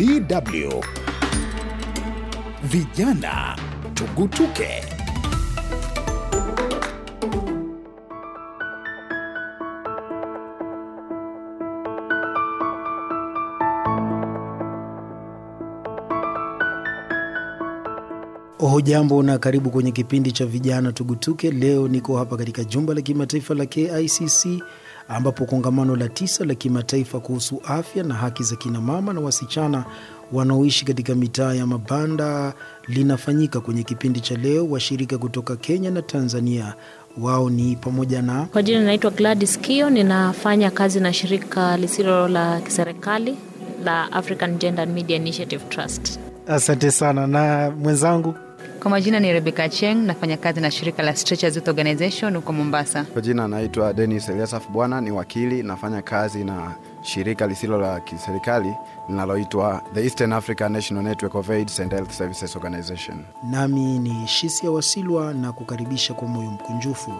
DW Vijana Tugutuke. Hujambo na karibu kwenye kipindi cha Vijana Tugutuke. Leo niko hapa katika jumba la kimataifa la KICC ambapo kongamano la tisa la kimataifa kuhusu afya na haki za kinamama na wasichana wanaoishi katika mitaa ya mabanda linafanyika. Kwenye kipindi cha leo, washirika kutoka Kenya na Tanzania wao ni pamoja na kwa jina inaitwa Gladys Kio, ninafanya kazi na shirika lisilo la kiserikali la African Gender and Media Initiative Trust. Asante sana na mwenzangu kwa majina ni Rebecca Cheng, nafanya kazi na shirika la Stretcher Youth Organization huko Mombasa. Kwa jina anaitwa Dennis Eliasaf Bwana, ni wakili, nafanya kazi na shirika lisilo la kiserikali linaloitwa The Eastern Africa National Network of AIDS and Health Services Organization. Nami ni Shisia Wasilwa na kukaribisha kwa moyo mkunjufu.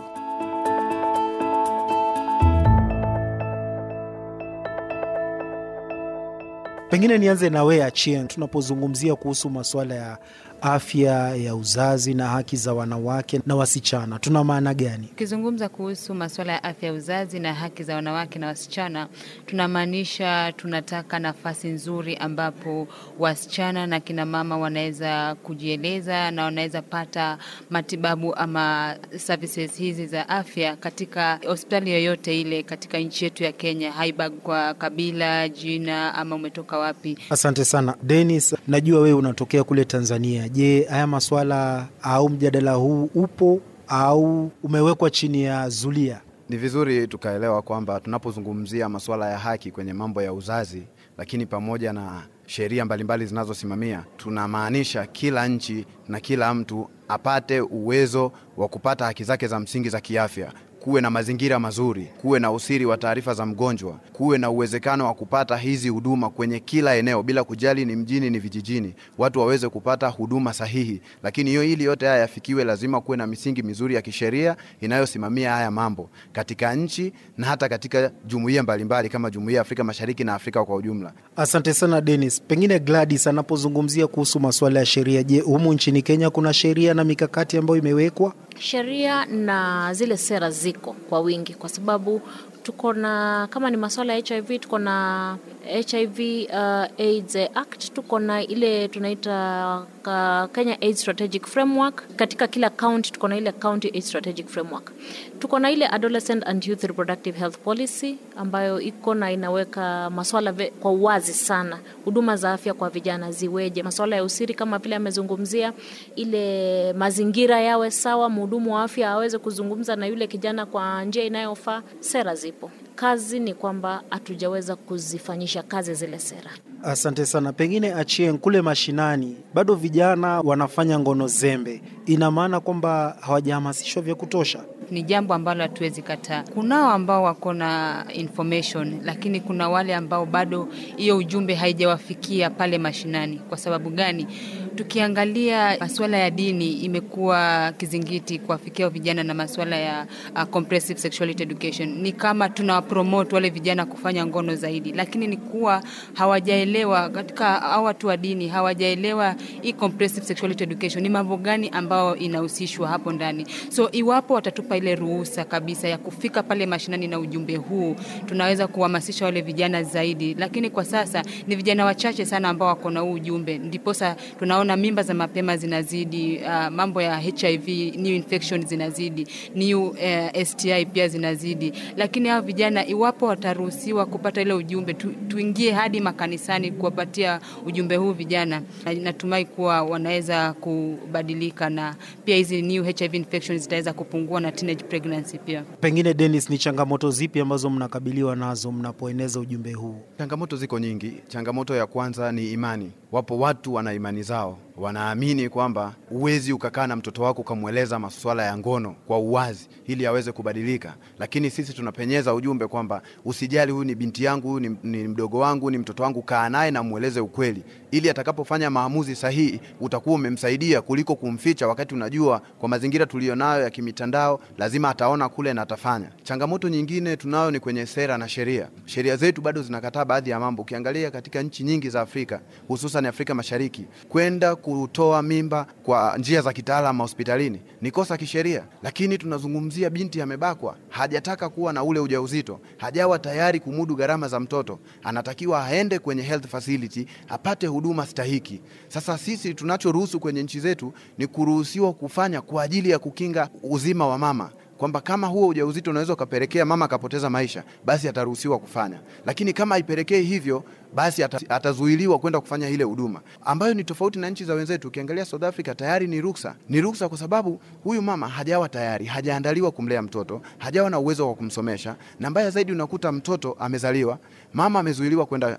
Pengine nianze na wewe Achien, tunapozungumzia kuhusu masuala ya afya ya uzazi na haki za wanawake na wasichana. Tuna maana gani ukizungumza kuhusu masuala ya afya ya uzazi na haki za wanawake na wasichana? Tunamaanisha tunataka nafasi nzuri ambapo wasichana na kinamama wanaweza kujieleza na wanaweza pata matibabu ama services hizi za afya katika hospitali yoyote ile katika nchi yetu ya Kenya, kwa kabila, jina ama umetoka wapi. Asante sana Dennis, najua wewe unatokea kule Tanzania je, haya maswala au mjadala huu upo au umewekwa chini ya zulia? Ni vizuri tukaelewa kwamba tunapozungumzia masuala ya haki kwenye mambo ya uzazi, lakini pamoja na sheria mbalimbali zinazosimamia, tunamaanisha kila nchi na kila mtu apate uwezo wa kupata haki zake za msingi za kiafya kuwe na mazingira mazuri, kuwe na usiri wa taarifa za mgonjwa, kuwe na uwezekano wa kupata hizi huduma kwenye kila eneo, bila kujali ni mjini ni vijijini, watu waweze kupata huduma sahihi. Lakini hiyo ili yote haya yafikiwe, lazima kuwe na misingi mizuri ya kisheria inayosimamia haya mambo katika nchi na hata katika jumuiya mbalimbali kama Jumuiya ya Afrika Mashariki na Afrika kwa ujumla. Asante sana Dennis. Pengine Gladys anapozungumzia kuhusu masuala ya sheria, je, humu nchini Kenya kuna sheria na mikakati ambayo imewekwa? Sheria na zile sera ziko kwa wingi, kwa sababu tuko na kama ni masuala ya HIV tuko na HIV uh, AIDS Act, tuko na ile tunaita uh, Kenya AIDS Strategic Framework. Katika kila county tuko na ile county AIDS Strategic Framework. Tuko na ile Adolescent and Youth Reproductive Health Policy ambayo iko na inaweka masuala ve, kwa uwazi sana, huduma za afya kwa vijana ziweje, masuala ya usiri kama vile amezungumzia, ile mazingira yawe sawa, mhudumu wa afya aweze kuzungumza na yule kijana kwa njia inayofaa, sera zipo zipo. Kazi ni kwamba hatujaweza kuzifanyisha kazi zile sera. Asante sana. Pengine achie kule mashinani, bado vijana wanafanya ngono zembe, ina maana kwamba hawajahamasishwa vya kutosha. Ni jambo ambalo hatuwezi kataa. Kunao ambao wako na information, lakini kuna wale ambao bado hiyo ujumbe haijawafikia pale mashinani. Kwa sababu gani? Tukiangalia masuala ya dini imekuwa kizingiti kuwafikia vijana na masuala ya uh, comprehensive sexuality education. Ni kama tunawapromote wale vijana kufanya ngono zaidi, lakini ni kuwa hawajaelewa katika au watu wa dini hawajaelewa hii comprehensive sexuality education ni mambo gani ambayo inahusishwa hapo ndani. So iwapo watatupa ile ruhusa kabisa ya kufika pale mashinani na ujumbe huu, tunaweza kuhamasisha wale vijana zaidi, lakini kwa sasa ni vijana wachache sana ambao wako na huu ujumbe, ndiposa tunaona tunaona mimba za mapema zinazidi, uh, mambo ya HIV new infection zinazidi, new uh, STI pia zinazidi. Lakini hao vijana iwapo wataruhusiwa kupata ile ujumbe tu, tuingie hadi makanisani kuwapatia ujumbe huu vijana, natumai kuwa wanaweza kubadilika na pia hizi new HIV infections zitaweza kupungua na teenage pregnancy pia. Pengine Dennis, ni changamoto zipi ambazo mnakabiliwa nazo mnapoeneza ujumbe huu? Changamoto ziko nyingi. Changamoto ya kwanza ni imani Wapo watu wana imani zao wanaamini kwamba huwezi ukakaa na mtoto wako ukamweleza masuala ya ngono kwa uwazi ili aweze kubadilika, lakini sisi tunapenyeza ujumbe kwamba usijali, huyu ni binti yangu, huyu ni, ni mdogo wangu, ni mtoto wangu, kaa naye na mweleze ukweli, ili atakapofanya maamuzi sahihi utakuwa umemsaidia kuliko kumficha, wakati unajua kwa mazingira tuliyonayo ya kimitandao lazima ataona kule na atafanya. Changamoto nyingine tunayo ni kwenye sera na sheria. Sheria zetu bado zinakataa baadhi ya mambo. Ukiangalia katika nchi nyingi za Afrika, hususan Afrika Mashariki, kwenda kutoa mimba kwa njia za kitaalamu hospitalini ni kosa kisheria, lakini tunazungumzia binti amebakwa, hajataka kuwa na ule ujauzito, hajawa tayari kumudu gharama za mtoto, anatakiwa aende kwenye health facility apate huduma stahiki. Sasa sisi tunachoruhusu kwenye nchi zetu ni kuruhusiwa kufanya kwa ajili ya kukinga uzima wa mama kwamba kama huo ujauzito unaweza ukapelekea mama akapoteza maisha, basi ataruhusiwa kufanya, lakini kama haipelekei hivyo, basi atazuiliwa kwenda kufanya ile huduma, ambayo ni tofauti na nchi za wenzetu. Ukiangalia South Africa tayari ni ruksa, ni ruksa kwa sababu huyu mama hajawa tayari, hajaandaliwa kumlea mtoto, hajawa na uwezo wa kumsomesha, na mbaya zaidi unakuta mtoto amezaliwa, mama amezuiliwa kwenda,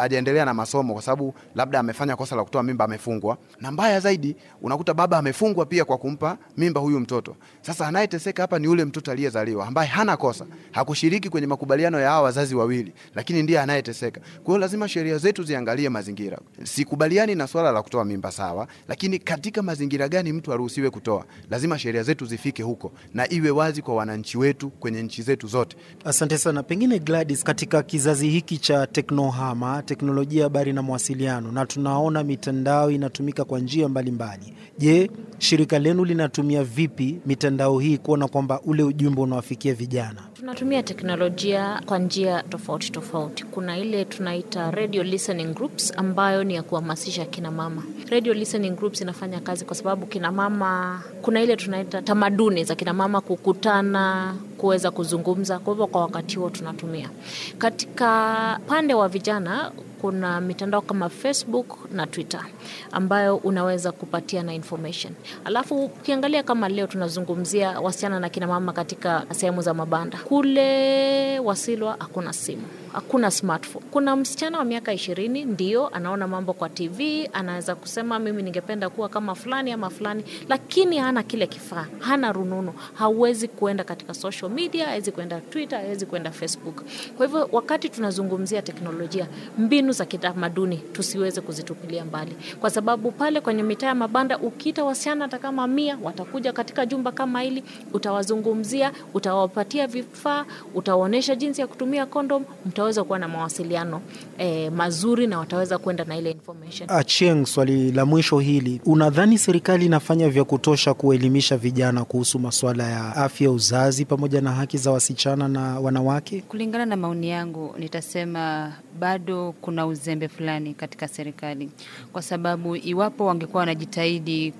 hajaendelea na masomo kwa sababu labda amefanya kosa la kutoa mimba, amefungwa, na mbaya zaidi unakuta baba amefungwa pia kwa kumpa mimba huyu mtoto. Sasa anaye anayeteseka hapa ni ule mtoto aliyezaliwa ambaye hana kosa, hakushiriki kwenye makubaliano ya hawa wazazi wawili, lakini ndiye anayeteseka. Kwa hiyo lazima sheria zetu ziangalie mazingira. Sikubaliani na swala la kutoa mimba, sawa, lakini katika mazingira gani mtu aruhusiwe kutoa? Lazima sheria zetu zifike huko na iwe wazi kwa wananchi wetu kwenye nchi zetu zote. Asante sana. Pengine Gladys, katika kizazi hiki cha teknohama, teknolojia, habari na mawasiliano, na tunaona mitandao inatumika kwa njia mbalimbali, je, shirika lenu linatumia vipi mitandao hii kuona kwamba ule ujumbe unawafikia vijana? Tunatumia teknolojia kwa njia tofauti tofauti. Kuna ile tunaita radio listening groups ambayo ni ya kuhamasisha kina mama. Radio listening groups inafanya kazi kwa sababu kina mama, kuna ile tunaita tamaduni za kina mama kukutana, kuweza kuzungumza. Kwa hivyo kwa wakati huo tunatumia katika pande wa vijana kuna mitandao kama Facebook na Twitter ambayo unaweza kupatia na information. Alafu ukiangalia kama leo tunazungumzia wasichana na kina mama katika sehemu za mabanda, kule Wasilwa hakuna simu hakuna smartphone. Kuna msichana wa miaka ishirini ndio anaona mambo kwa TV, anaweza kusema mimi ningependa kuwa kama fulani ama fulani, lakini hana kile kifaa, hana rununu, hauwezi kuenda katika social media, hawezi kuenda Twitter, hawezi kuenda Facebook. Kwa hivyo wakati tunazungumzia teknolojia, mbinu za kitamaduni tusiweze kuzitupilia mbali, kwa sababu pale kwenye mitaa ya mabanda ukiita wasichana hata kama mia watakuja katika jumba kama hili, utawazungumzia, utawapatia vifaa, utawaonyesha jinsi ya kutumia kondom, mtaweza kuwa na mawasiliano eh, mazuri na wataweza kwenda na ile information. Achieng, ah, swali la mwisho hili, unadhani serikali inafanya vya kutosha kuelimisha vijana kuhusu masuala ya afya uzazi pamoja na haki za wasichana na wanawake? Kulingana na maoni yangu, nitasema bado kuna kuna uzembe fulani katika serikali, kwa sababu iwapo wangekuwa wanajitahidi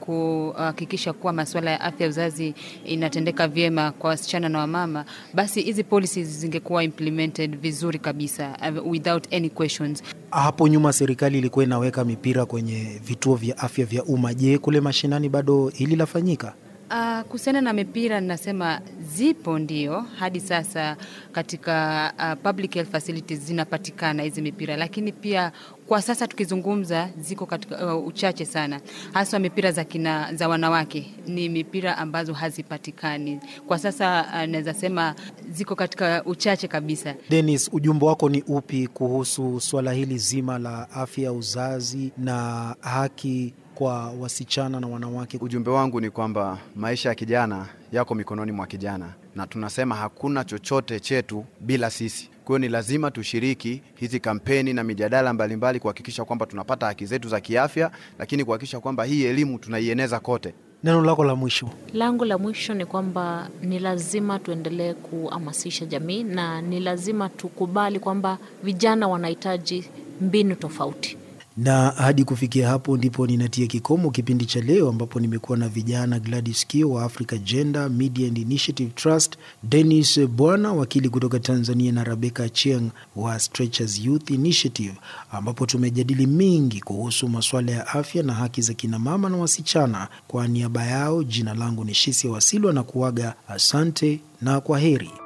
kuhakikisha kuwa, kuwa masuala ya afya uzazi inatendeka vyema kwa wasichana na wamama, basi hizi policies zingekuwa implemented vizuri kabisa uh, without any questions. Hapo nyuma serikali ilikuwa inaweka mipira kwenye vituo vya afya vya umma. Je, kule mashinani bado hili lafanyika? Uh, kuhusiana na mipira nasema zipo ndio, hadi sasa katika uh, public health facilities zinapatikana hizi mipira, lakini pia kwa sasa tukizungumza ziko katika uh, uchache sana, haswa mipira za kina, za wanawake ni mipira ambazo hazipatikani kwa sasa. Uh, naweza sema ziko katika uchache kabisa. Dennis, ujumbe wako ni upi kuhusu swala hili zima la afya ya uzazi na haki kwa wasichana na wanawake? Ujumbe wangu ni kwamba maisha ya kijana yako mikononi mwa kijana, na tunasema hakuna chochote chetu bila sisi. Kwa hiyo ni lazima tushiriki hizi kampeni na mijadala mbalimbali kuhakikisha kwamba tunapata haki zetu za kiafya, lakini kuhakikisha kwamba hii elimu tunaieneza kote. Neno lako la mwisho? Langu la mwisho ni kwamba ni lazima tuendelee kuhamasisha jamii na ni lazima tukubali kwamba vijana wanahitaji mbinu tofauti na hadi kufikia hapo ndipo ninatia kikomo kipindi cha leo, ambapo nimekuwa na vijana Gladys Kio wa Africa Gender Media and Initiative Trust, Dennis Bwana wakili kutoka Tanzania na Rebecca Chieng wa Stretchers Youth Initiative, ambapo tumejadili mengi kuhusu masuala ya afya na haki za kinamama na wasichana. Kwa niaba yao, jina langu ni Shisia Wasilwa na kuaga, asante na kwa heri.